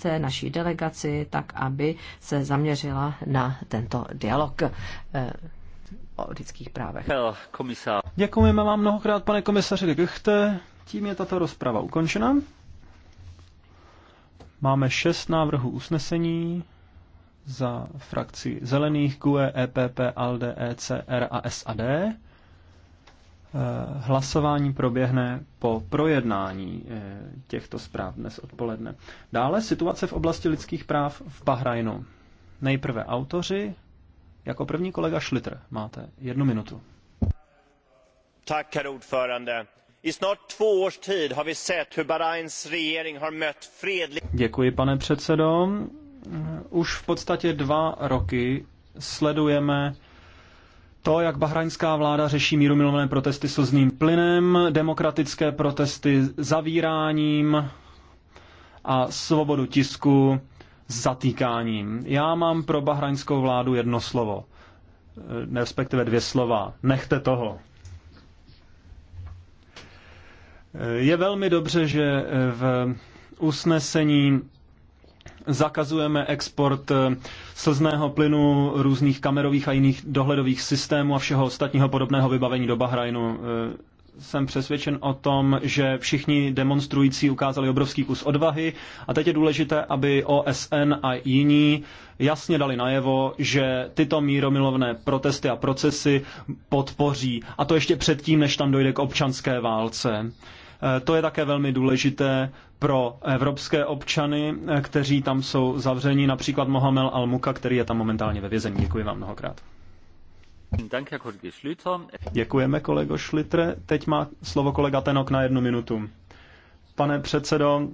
té naší delegaci, tak aby se zaměřila na tento dialog eh, o lidských právech. Komisář. Děkujeme vám mnohokrát, pane komisaři de Guchte. Tím je tato rozprava ukončena. Máme šest návrhů usnesení za frakci Zelených, GUE, EPP, ALDE, ECR a SAD. Eh, hlasování proběhne po projednání eh, těchto zpráv dnes odpoledne. Dále situace v oblasti lidských práv v Bahrajnu. Nejprve autoři, jako první kolega Schlitter. Máte jednu minutu. Tak, I tid har vi sett hur regering har mött fredlig... Děkuji, pane předsedo. Eh, už v podstatě dva roky sledujeme to, jak bahraňská vláda řeší mírumilovné protesty slzným plynem, demokratické protesty zavíráním a svobodu tisku zatýkáním. Já mám pro bahraňskou vládu jedno slovo, eh, respektive dvě slova. Nechte toho. Eh, je velmi dobře, že eh, v usnesení zakazujeme export eh, slzného plynu, různých kamerových a jiných dohledových systémů a všeho ostatního podobného vybavení do Bahrajnu. Eh, jsem přesvědčen o tom, že všichni demonstrující ukázali obrovský kus odvahy a teď je důležité, aby OSN a jiní jasně dali najevo, že tyto míromilovné protesty a procesy podpoří. A to ještě předtím, než tam dojde k občanské válce. Eh, to je také velmi důležité pro evropské občany, eh, kteří tam jsou zavřeni, například Mohamed Al Muka, který je tam momentálně ve vězení. Děkuji vám mnohokrát. Děkujeme, kolego Šlitre. Teď má slovo kolega Tenok na jednu minutu. Pane předsedo,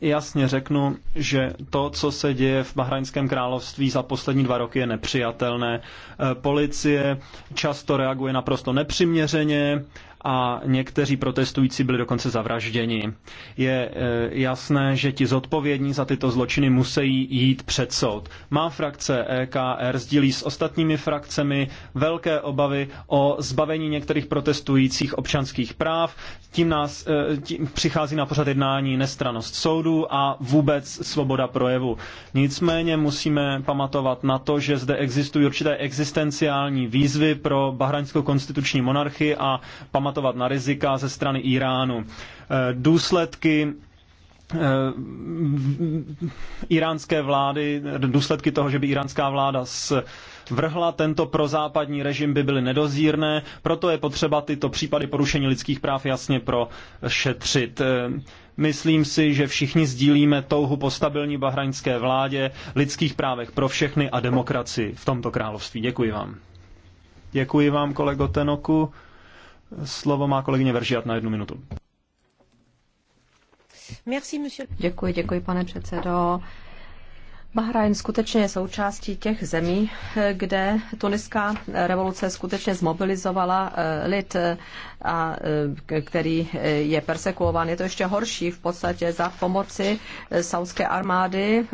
jasně řeknu, že to, co se děje v Bahrajnském království za poslední dva roky, je nepřijatelné. Eh, policie často reaguje naprosto nepřiměřeně a někteří protestující byli dokonce zavražděni. Je e, jasné, že ti zodpovědní za tyto zločiny musí jít před soud. Má frakce EKR sdílí s ostatními frakcemi velké obavy o zbavení některých protestujících občanských práv. Tím nás e, tím přichází na pořad jednání nestranost soudu a vůbec svoboda projevu. Nicméně musíme pamatovat na to, že zde existují určité existenciální výzvy pro bahraňskou konstituční monarchii a pamatovat pamatovat na rizika ze strany Iránu. E, důsledky e, iránské vlády, důsledky toho, že by iránská vláda s vrhla tento prozápadní režim by byly nedozírné, proto je potřeba tyto případy porušení lidských práv jasně prošetřit. E, myslím si, že všichni sdílíme touhu po stabilní bahraňské vládě, lidských právech pro všechny a demokracii v tomto království. Děkuji vám. Děkuji vám, kolego Tenoku. Slovo má kolegyně Veržiat na jednu minutu. Děkuji, děkuji, pane předsedo. Bahrajn skutečně je součástí těch zemí, kde tuniská revoluce skutečně zmobilizovala eh, lid, eh, a, eh, který je persekuován. Je to ještě horší v podstatě za pomoci saudské armády.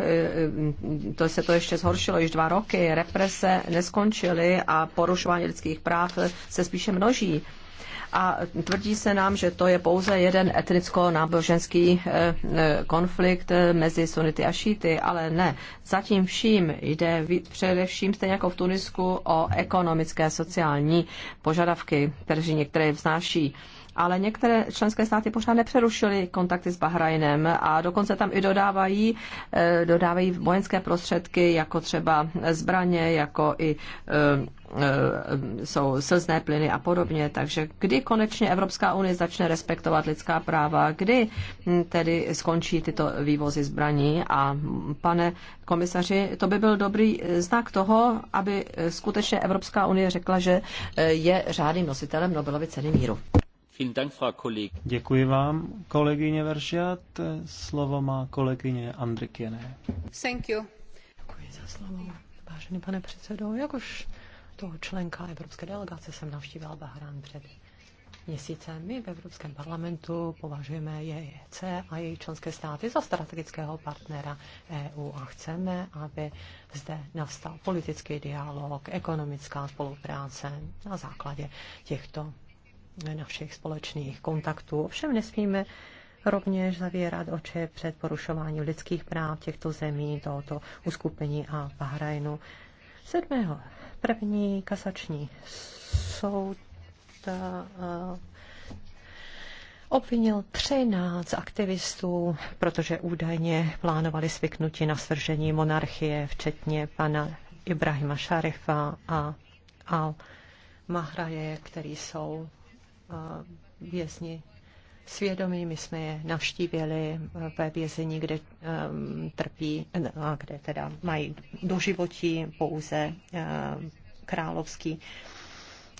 To se to ještě zhoršilo již dva roky. Represe neskončily a porušování lidských práv se spíše množí a tvrdí se nám, že to je pouze jeden etnicko-náboženský eh, eh, konflikt eh, mezi sunity a šíty, ale ne. Zatím vším jde především, stejně jako v Tunisku, o ekonomické sociální požadavky, které některé vznáší ale některé členské státy pořád nepřerušily kontakty s Bahrajnem a dokonce tam i dodávají, eh, dodávají vojenské prostředky, jako třeba zbraně, jako i eh, eh, jsou slzné plyny a podobně. Takže kdy konečně Evropská unie začne respektovat lidská práva, kdy hm, tedy skončí tyto vývozy zbraní a pane komisaři, to by byl dobrý znak toho, aby skutečně Evropská unie řekla, že je řádným nositelem Nobelovy ceny míru. Děkuji vám, kolegyně Veršiat. Slovo má kolegyně Andrikiene. Thank you. Děkuji za slovo. Vážený pane předsedo, jakož toho členka Evropské delegace jsem navštívila Bahrán před měsícem. My v Evropském parlamentu považujeme JEC a její členské státy za strategického partnera EU a chceme, aby zde nastal politický dialog, ekonomická spolupráce na základě těchto našich společných kontaktů. Ovšem nesmíme rovněž zavírat oči před porušováním lidských práv těchto zemí, tohoto uskupení a Bahrajnu. 7. první kasační soud eh, obvinil 13 aktivistů, protože údajně plánovali svyknutí na svržení monarchie, včetně pana Ibrahima Šarifa a Al Mahraje, který jsou Eh, vězni svědomí. My jsme je navštívili eh, ve vězení, kde um, trpí, no, a kde teda mají doživotí pouze královský.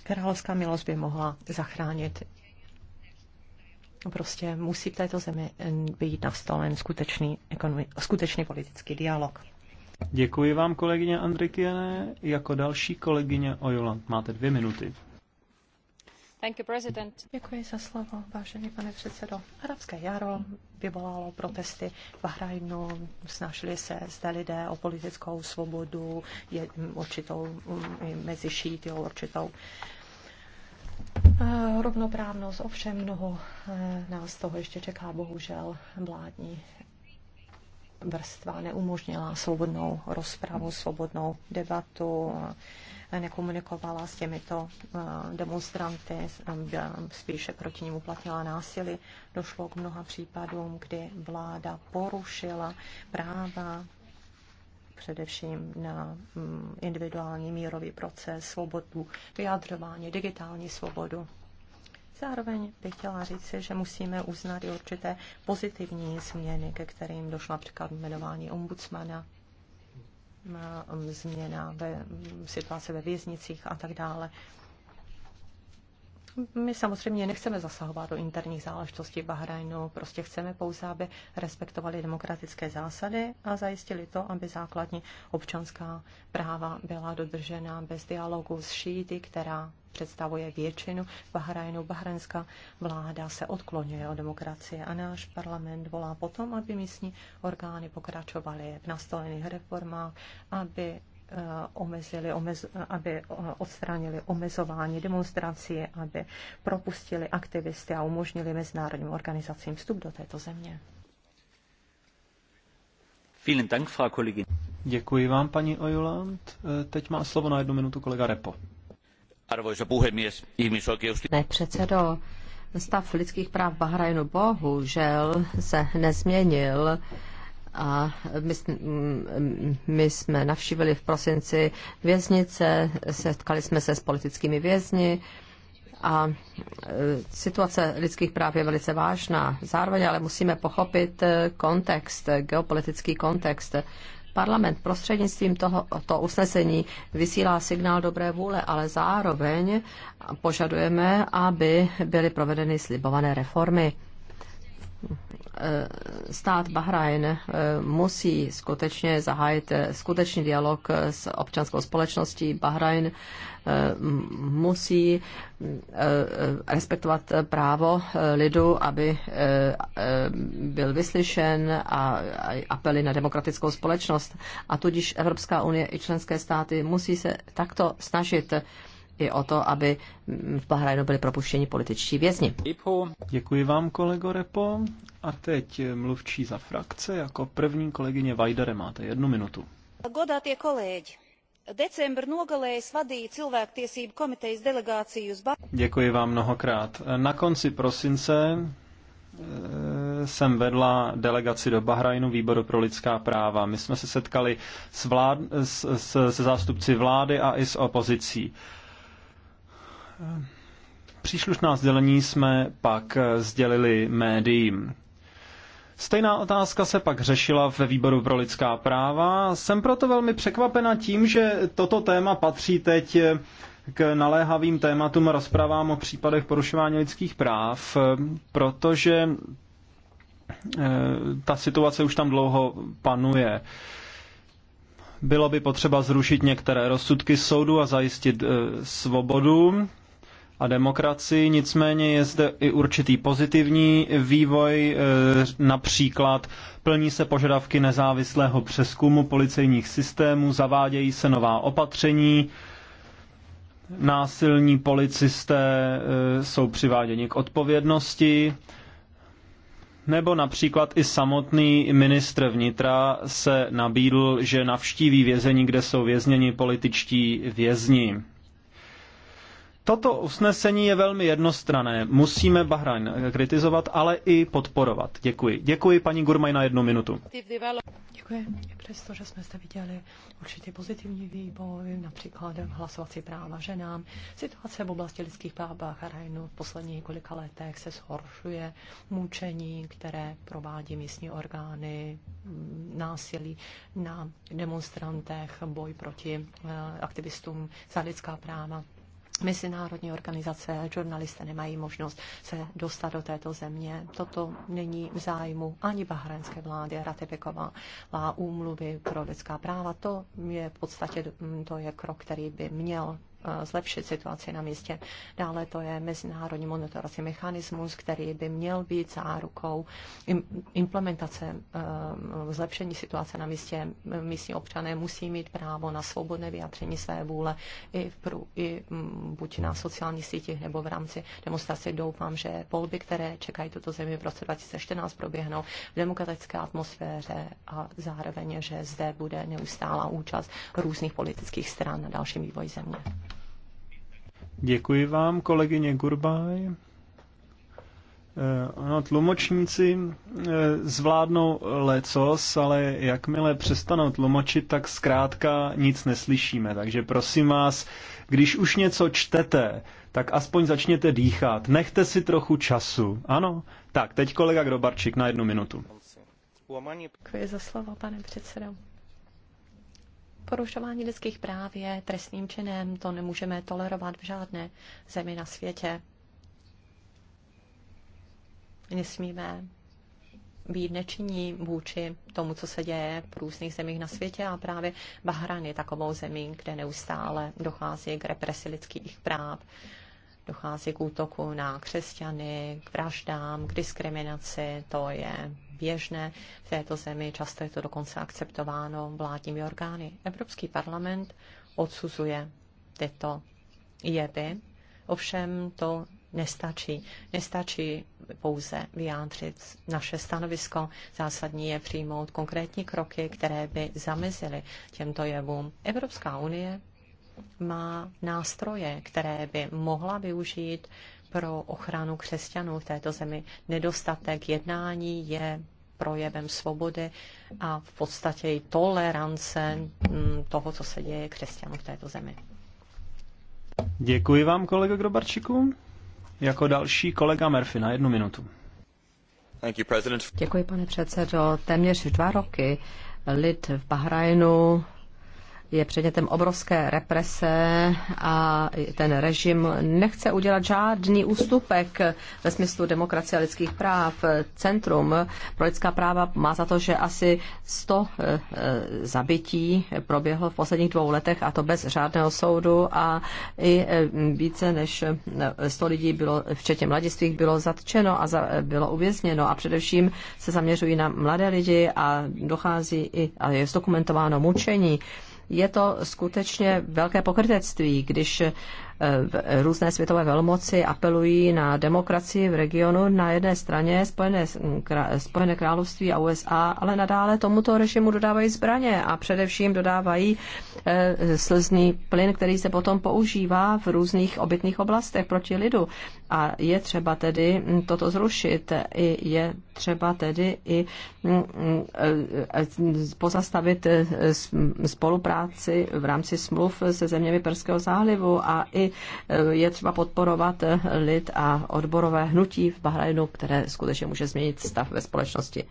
Královská milost by mohla zachránit. Prostě musí v této zemi být nastolen skutečný, ekonomi, skutečný politický dialog. Děkuji vám, kolegyně Andrikiene. Jako další kolegyně Ojoland máte dvě minuty. Děkuji za slovo, vážený pane předsedo. Arabské jaro vyvolalo protesty v Bahrajnu, snažili se zde lidé o politickou svobodu, je, určitou mezi šíty, určitou eh, Rovnoprávnost, ovšem mnoho eh, nás toho ještě čeká, bohužel, vládní vrstva neumožnila svobodnou rozpravu, svobodnou debatu, nekomunikovala s těmito eh, demonstranty, spíše proti ním uplatnila násilí. Došlo k mnoha případům, kdy vláda porušila práva především na mm, individuální mírový proces, svobodu vyjadřování, digitální svobodu. Zároveň bych chtěla říct, že musíme uznat i určité pozitivní změny, ke kterým došlo například jmenování ombudsmana, um, změna ve um, situace ve věznicích a tak dále. My samozřejmě nechceme zasahovat do interních záležitostí Bahrajnu, prostě chceme pouze, aby respektovali demokratické zásady a zajistili to, aby základní občanská práva byla dodržena bez dialogu s šíty, která představuje většinu Bahrajnu. Bahrajnská vláda se odklonuje od demokracie a náš parlament volá potom, aby místní orgány pokračovaly v nastolených reformách, aby Eh, omezili, omez, aby eh, odstranili omezování demonstrací, aby propustili aktivisty a umožnili mezinárodním organizacím vstup do této země. Děkuji vám, paní Ojuland. Eh, teď má slovo na jednu minutu kolega Repo. Arvoisa puhemies, ihmisoikeus... Ne, předsedo, stav lidských práv Bahrajnu bohužel se nezměnil a my, mm, my jsme navštívili v prosinci věznice, setkali jsme se s politickými vězni a e, situace lidských práv je velice vážná. Zároveň ale musíme pochopit e, kontext, geopolitický kontext. Parlament prostřednictvím tohoto usnesení vysílá signál dobré vůle, ale zároveň požadujeme, aby byly provedeny slibované reformy. Eh, stát Bahrajn eh, musí skutečně zahájit eh, skutečný dialog s občanskou společností. Bahrajn musí respektovat právo lidu, aby byl vyslyšen a apely na demokratickou společnost. A tudíž Evropská unie i členské státy musí se takto snažit i o to, aby v Bahrajnu byli propuštěni političtí vězni. Děkuji vám, kolego Repo. A teď mluvčí za frakce. Jako první kolegyně Vajdare máte jednu minutu. Godatie kolegi, decembr nogalē es vadīju cilvēktiesību komitejas delegāciju uz Děkuji vám mnohokrát. Na konci prosince eh, jsem vedla delegaci do Bahrajnu výboru pro lidská práva. My jsme se setkali s s, s, se zástupci vlády a i s opozicí. Příslušná sdělení jsme pak sdělili médiím. Stejná otázka se pak řešila ve výboru pro lidská práva. Jsem proto velmi překvapena tím, že toto téma patří teď k naléhavým tématům a rozprávám o případech porušování lidských práv, protože eh, ta situace už tam dlouho panuje. Bylo by potřeba zrušit některé rozsudky soudu a zajistit eh, svobodu a demokracii, nicméně je zde i určitý pozitivní vývoj, e, například plní se požadavky nezávislého přeskumu policejních systémů, zavádějí se nová opatření, násilní policisté e, jsou přiváděni k odpovědnosti, nebo například i samotný ministr vnitra se nabídl, že navštíví vězení, kde jsou vězněni političtí vězni. Toto usnesení je velmi jednostrané. Musíme Bahrajn kritizovat, ale i podporovat. Děkuji. Děkuji paní Gurmaj na jednu minutu. Děkuji. přesto, že jsme zde viděli určitě pozitivní vývoj, například hlasovací práva ženám, situace v oblasti lidských práv Bahrajnu v posledních několika letech se zhoršuje. Mučení, které provádí místní orgány, násilí na demonstrantech, boj proti eh, aktivistům za lidská práva mezinárodní organizace, žurnalisté nemají možnost se dostat do této země. Toto není v zájmu ani bahrajnské vlády ratifikovala úmluvy pro lidská práva. To je v podstatě to je krok, který by měl zlepšit situaci na místě. Dále to je mezinárodní monitorací mechanismus, který by měl být zárukou implementace eh, zlepšení situace na místě. Místní občané musí mít právo na svobodné vyjádření své vůle i, v prů, i mm, buď na sociálních sítích nebo v rámci demonstrace. Doufám, že volby, které čekají tuto zemi v roce 2014, proběhnou v demokratické atmosféře a zároveň, že zde bude neustálá účast různých politických stran na dalším vývoji země. Děkuji vám, kolegyně Gurbaj. Eh, ano, tlumočníci eh, zvládnou lecos, ale jakmile přestanou tlumočit, tak zkrátka nic neslyšíme. Takže prosím vás, když už něco čtete, tak aspoň začněte dýchat. Nechte si trochu času. Ano? Tak, teď kolega Grobarčík na jednu minutu. Děkuji za slovo, pane předsedo. Porušování lidských práv je trestným činem, to nemůžeme tolerovat v žádné zemi na světě. Nesmíme být nečinní vůči tomu, co se děje v různých zemích na světě a právě Bahrajn je takovou zemí, kde neustále dochází k represi lidských práv Dochází k útoku na křesťany, k vraždám, k diskriminaci. To je běžné v této zemi. Často je to dokonce akceptováno vládními orgány. Evropský parlament odsuzuje tyto jevy. Ovšem to nestačí. Nestačí pouze vyjádřit naše stanovisko. Zásadní je přijmout konkrétní kroky, které by zamezily těmto jevům. Evropská unie má nástroje, které by mohla využít pro ochranu křesťanů v této zemi. Nedostatek jednání je projevem svobody a v podstatě i tolerance mm, toho, co se děje křesťanům v této zemi. Děkuji vám, kolega Grobarčiku. Jako další kolega Murphy na jednu minutu. You, Děkuji, pane předsedo. Téměř dva roky lid v Bahrajnu je předmětem obrovské represe a ten režim nechce udělat žádný ústupek ve smyslu demokracie a lidských práv. Centrum pro lidská práva má za to, že asi 100 eh, eh, zabití proběhlo v posledních dvou letech a to bez řádného soudu a i eh, více než 100 lidí bylo, včetně mladistvých, bylo zatčeno a za, bylo uvězněno a především se zaměřují na mladé lidi a dochází i, a je zdokumentováno mučení je to skutečně velké pokrytectví, když různé světové velmoci apelují na demokracii v regionu na jedné straně Spojené, Spojené království a USA, ale nadále tomuto režimu dodávají zbraně a především dodávají eh, slzný plyn, který se potom používá v různých obytných oblastech proti lidu. A je třeba tedy toto zrušit. I je třeba tedy i mm, mm, eh, pozastavit eh, spolupráci v rámci smluv se zeměmi Perského zálivu a i je třeba podporovat lid a odborové hnutí v Bahrajnu, které skutečně může změnit stav ve společnosti.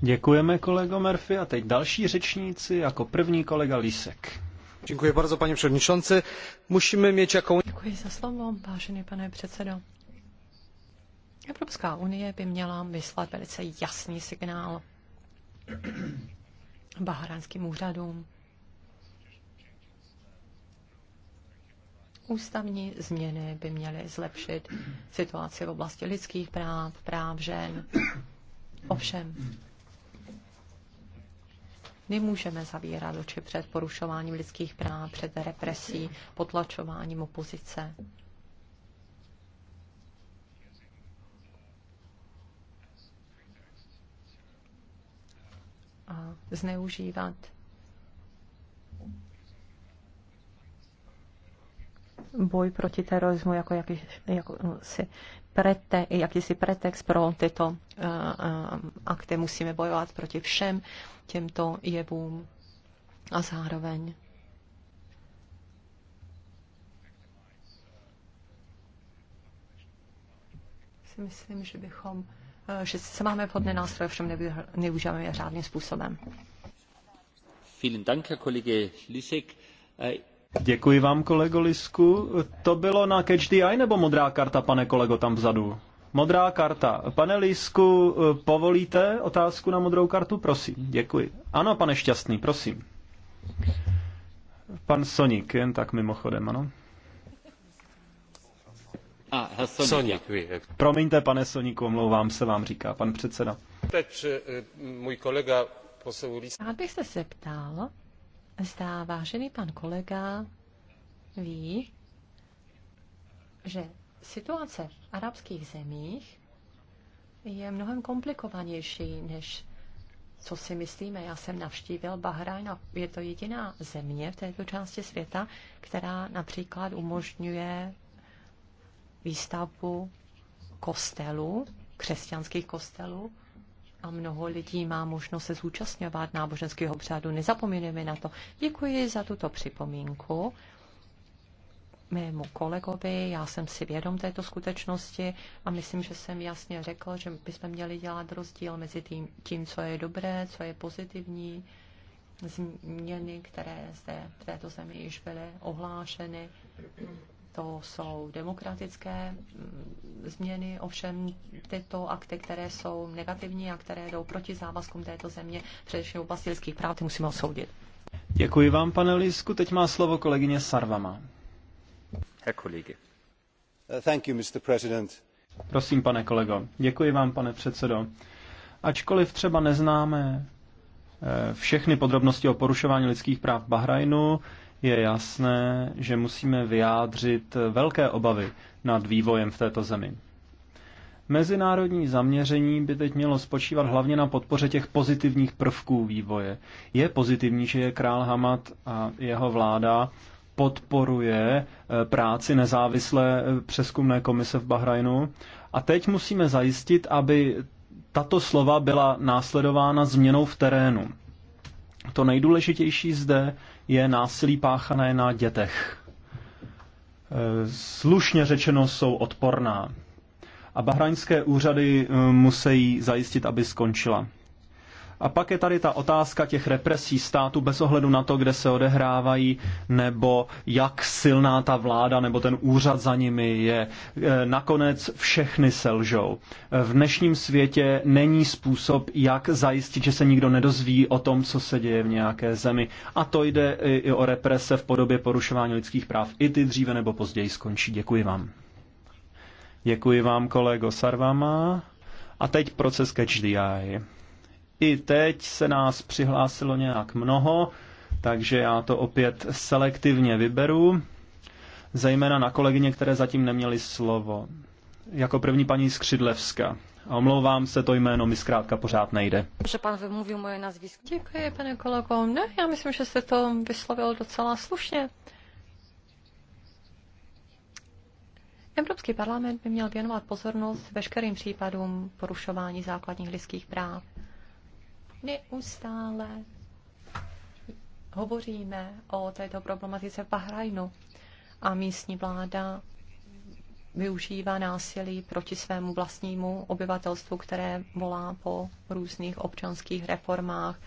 Děkujeme kolego Murphy a teď další řečníci jako první kolega Lisek. Děkuji bardzo, pane předsedající. Musíme mít jakou... Děkuji za slovo, vážený pane předsedo. Evropská unie by měla vyslat velice jasný signál bahránským úřadům, Ústavní změny by měly zlepšit situaci v oblasti lidských práv, práv žen. Ovšem, nemůžeme zavírat oči před porušováním lidských práv, před represí, potlačováním opozice. A zneužívat boj proti terorismu jako, jakýsi jako no, prete, jakýsi pretext pro tyto uh, akty. Musíme bojovat proti všem těmto jevům a zároveň si myslím, že bychom, eh, že se máme vhodné nástroje, všem nevyužíváme je řádným způsobem. Vielen Dank, Herr Kollege Lisek. Děkuji vám, kolego Lisku. To bylo na Catch the Eye nebo modrá karta, pane kolego, tam vzadu? Modrá karta. Pane Lisku, povolíte otázku na modrou kartu? Prosím, děkuji. Ano, pane Šťastný, prosím. Pan Sonik, jen tak mimochodem, ano. A, Sonik. Promiňte, pane Soniku, omlouvám se vám, říká pan předseda. Teď eh, můj kolega posel Rád bych se zeptal, Zdá vážený pan kolega ví, že situace v arabských zemích je mnohem komplikovanější, než co si myslíme. Já jsem navštívil Bahrajn a je to jediná země v této části světa, která například umožňuje výstavbu kostelů, křesťanských kostelů a mnoho lidí má možnost se zúčastňovat náboženského obřadu. Nezapomínáme na to. Děkuji za tuto připomínku mému kolegovi, já jsem si vědom této skutečnosti a myslím, že jsem jasně řekl, že bychom měli dělat rozdíl mezi tím, tím co je dobré, co je pozitivní, změny, které zde v této zemi již byly ohlášeny. To jsou demokratické změny, ovšem tyto akty, které jsou negativní a které jdou proti závazkům této země, především u bastilských práv, ty musíme osoudit. Děkuji vám, pane Lisku. Teď má slovo kolegyně Sarvama. Herr Kollege. Uh, thank you, Mr. President. Prosím, pane kolego. Děkuji vám, pane předsedo. Ačkoliv třeba neznáme eh, všechny podrobnosti o porušování lidských práv Bahrajnu, je jasné, že musíme vyjádřit velké obavy nad vývojem v této zemi. Mezinárodní zaměření by teď mělo spočívat hlavně na podpoře těch pozitivních prvků vývoje. Je pozitivní, že je král Hamad a jeho vláda podporuje eh, práci nezávislé eh, přeskumné komise v Bahrajnu. A teď musíme zajistit, aby tato slova byla následována změnou v terénu. To nejdůležitější zde je násilí páchané na dětech. Eh, slušně řečeno jsou odporná. A bahrajnské úřady eh, musí zajistit, aby skončila. A pak je tady ta otázka těch represí státu bez ohledu na to, kde se odehrávají, nebo jak silná ta vláda nebo ten úřad za nimi je. E, nakonec všechny selžou. E, v dnešním světě není způsob, jak zajistit, že se nikdo nedozví o tom, co se děje v nějaké zemi. A to jde i o represe v podobě porušování lidských práv. I ty dříve nebo později skončí. Děkuji vám. Děkuji vám, kolego Sarvama. A teď proces Catch the Eye. I teď se nás přihlásilo nějak mnoho, takže já to opět selektivně vyberu, zejména na kolegyně, které zatím neměly slovo. Jako první paní Skřidlevska. A omlouvám se, to jméno mi zkrátka pořád nejde. Že pan vymluvil moje nazvisko. Děkuji, pane kolego. Ne, já myslím, že jste to vyslovil docela slušně. Evropský parlament by měl věnovat pozornost veškerým případům porušování základních lidských práv. Neustále hovoříme o této problematice v Bahrajnu a místní vláda využívá násilí proti svému vlastnímu obyvatelstvu, které volá po různých občanských reformách,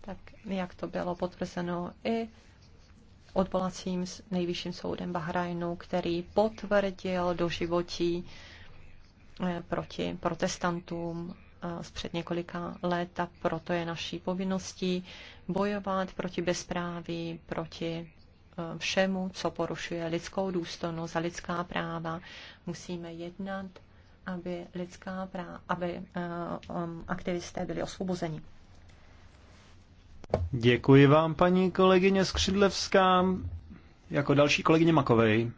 tak jak to bylo potvrzeno i odvolacím nejvyšším soudem Bahrajnu, který potvrdil doživotí eh, proti protestantům před několika let a proto je naší povinností bojovat proti bezpráví, proti e, všemu, co porušuje lidskou důstojnost a lidská práva. Musíme jednat, aby lidská práva, aby e, e, aktivisté byli osvobozeni. Děkuji vám, paní kolegyně Skřidlevská. Jako další kolegyně Makovej.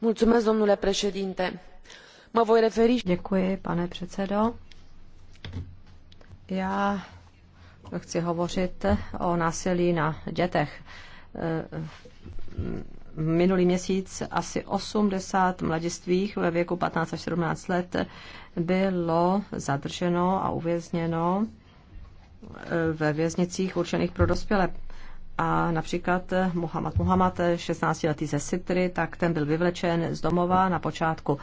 Mulțumesc, domnule președinte Mă voi referi... Děkuji, pane předsedo. Já chci hovořit o násilí na dětech. Minulý měsíc asi 80 mladistvých ve věku 15 až 17 let bylo zadrženo a uvězněno ve věznicích určených pro dospělé a například Muhammad Muhammad, 16-letý ze Sitry, tak ten byl vyvlečen z domova na počátku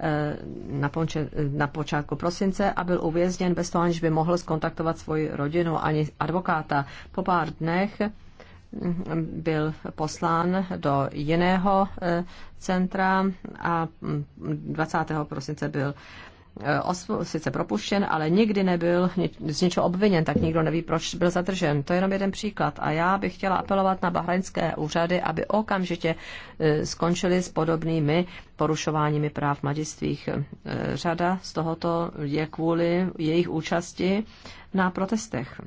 eh, na, ponče, na počátku prosince a byl uvězněn bez toho, aniž by mohl skontaktovat svoji rodinu ani advokáta. Po pár dnech hm, byl poslán do jiného eh, centra a 20. Hm, prosince byl Eh, osv- sice propuštěn, ale nikdy nebyl z něčeho obviněn, tak nikdo neví, proč byl zadržen. To je jenom jeden příklad. A já bych chtěla apelovat na bahrajnské úřady, aby okamžitě eh, skončili s podobnými porušováními práv mladistvých. Eh, řada z tohoto je kvůli jejich účasti na protestech.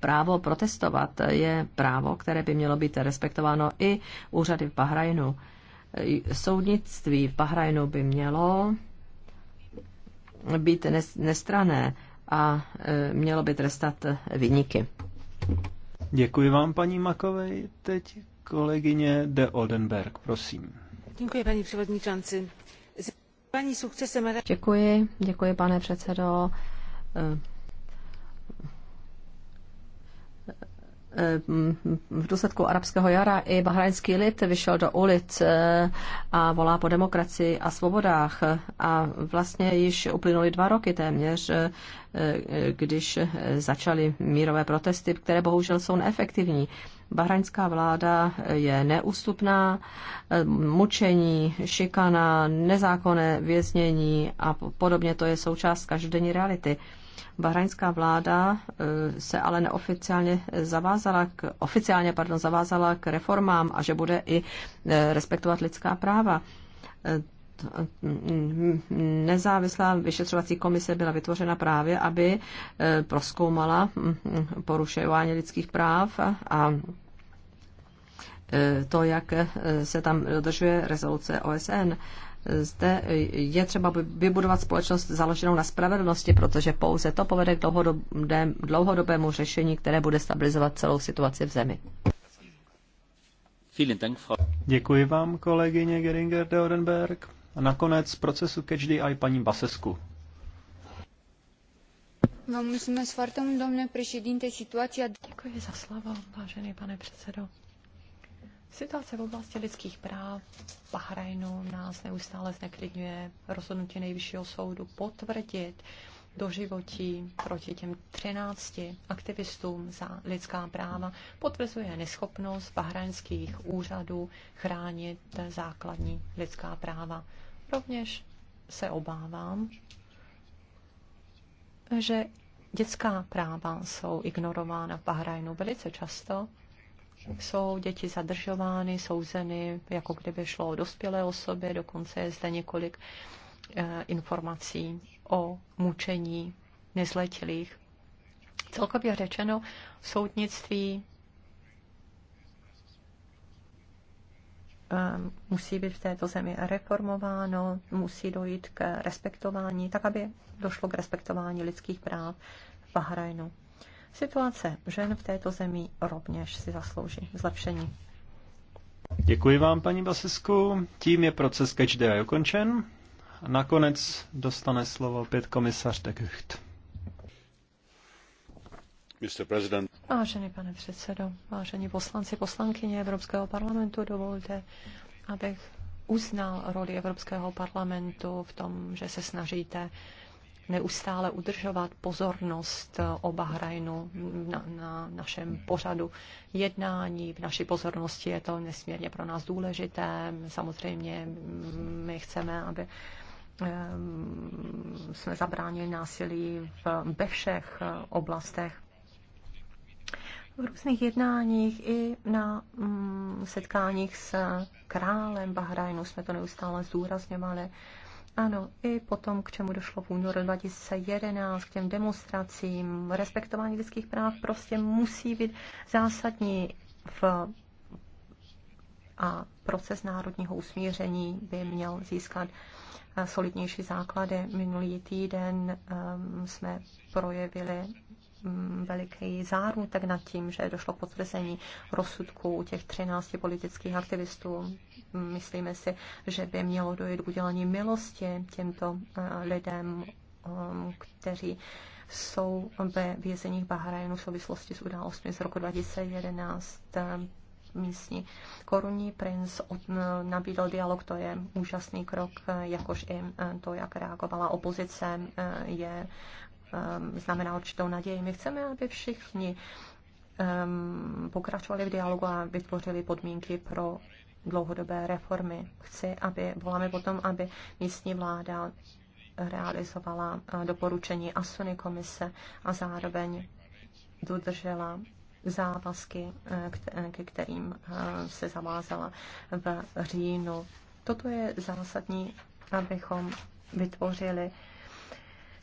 Právo protestovat je právo, které by mělo být respektováno i úřady v Bahrajnu. Soudnictví v Bahrajnu by mělo být nestrané a e, mělo by trestat vyniky. Děkuji vám, paní Makovej. Teď kolegyně de Oldenberg, prosím. Děkuji, paní předsedající. Paní sukcesem... Děkuji, děkuji, pane předsedo. E, Eh, v důsledku arabského jara i bahrajnský lid vyšel do ulic eh, a volá po demokracii a svobodách. A vlastně již uplynuly dva roky téměř, eh, když začaly mírové protesty, které bohužel jsou neefektivní. Bahrajnská vláda je neústupná, mučení, šikana, nezákonné věznění a podobně to je součást každodenní reality. Bahrajnská vláda eh, se ale neoficiálně zavázala k, oficiálně pardon, zavázala k reformám a že bude i eh, respektovat lidská práva. Eh, nezávislá vyšetřovací komise byla vytvořena právě, aby proskoumala hm, hm, porušování lidských práv a to, jak se tam dodržuje rezoluce OSN. Zde je třeba vybudovat společnost založenou na spravedlnosti, protože pouze to povede k dlouhodobému řešení, které bude stabilizovat celou situaci v zemi. Děkuji vám, kolegyně Geringer de Orenberg. A nakonec procesu Catch the Eye paní Basesku. Vám mulțumesc foarte mult, domnule președinte, situația... Děkuji za slovo, vážený pane předsedo. Situace v oblasti lidských práv v Bahrajnu nás neustále zneklidňuje. Rozhodnutí nejvyššího soudu potvrdit doživotí proti těm 13 aktivistům za lidská práva potvrzuje neschopnost bahrajnských úřadů chránit základní lidská práva. Rovněž se obávám, že dětská práva jsou ignorována v Bahrajnu velice často jsou děti zadržovány, souzeny, jako kdyby šlo o dospělé osoby, dokonce je zde několik eh, informací o mučení nezletilých. Celkově řečeno, soudnictví eh, musí být v této zemi reformováno, musí dojít k respektování, tak aby došlo k respektování lidských práv v Bahrajnu. Situace žen v této zemi rovněž si zaslouží zlepšení. Děkuji vám, paní Basisku. Tím je proces Catch the Eye ukončen. A nakonec dostane slovo opět komisař de Gucht. Vážený pane předsedo, vážení poslanci, poslankyně Evropského parlamentu, dovolte, abych uznal roli Evropského parlamentu v tom, že se snažíte neustále udržovat pozornost eh, o Bahrajnu na, na našem pořadu jednání. V naší pozornosti je to nesmírně pro nás důležité. Samozřejmě mm, my chceme, aby ehm, jsme zabránili násilí ve všech eh, oblastech v různých jednáních i na mm, setkáních s králem Bahrajnu jsme to neustále zdůrazňovali. Ano, i potom, k čemu došlo v únoru 2011, k těm demonstracím, respektování lidských práv prostě musí být zásadní v a proces národního usmíření by měl získat eh, solidnější základy. Minulý týden ehm, jsme projevili Mm, veliký zárůtek nad tím, že došlo k potvrzení rozsudku u těch 13 politických aktivistů. Myslíme si, že by mělo dojít k udělení milosti těmto eh, lidem, mm, kteří jsou ve vězeních Bahrajnu v souvislosti s událostmi z roku 2011 eh, místní. Korunní princ eh, nabídl dialog, to je úžasný krok, jakož i to, jak reagovala opozice, je Ehm, znamená určitou naději. My chceme, aby všichni ehm, pokračovali v dialogu a vytvořili podmínky pro dlouhodobé reformy. Chci, aby voláme potom, aby místní vláda realizovala eh, doporučení Asuny komise a zároveň dodržela závazky, eh, eh, ke kterým se zavázala v říjnu. Toto je zásadní, abychom vytvořili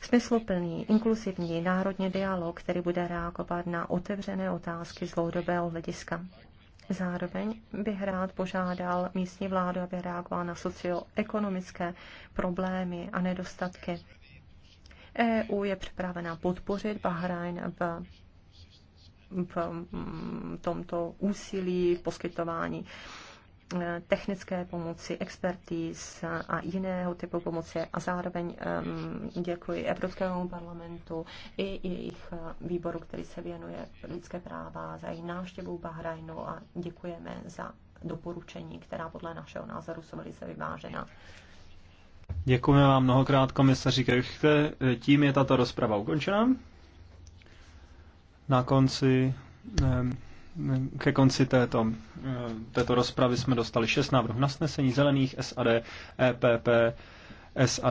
smysluplný, inkluzivní národní dialog, který bude reagovat na otevřené otázky z dlouhodobého hlediska. Zároveň bych rád požádal místní vládu, aby reagovala na socioekonomické problémy a nedostatky. EU je připravena podpořit Bahrajn v v tomto úsilí, v poskytování technické pomoci, expertíz a jiného typu pomoci a zároveň děkuji Evropskému parlamentu i jejich výboru, který se věnuje lidské práva, za její návštěvu Bahrajnu a děkujeme za doporučení, která podle našeho názoru jsou velice vyvážená. Děkujeme vám mnohokrát, komisaři Krchte. Tím je tato rozprava ukončena. Na konci ke konci této, eh, této rozpravy jsme dostali šest návrhů na snesení zelených SAD, EPP, SAD.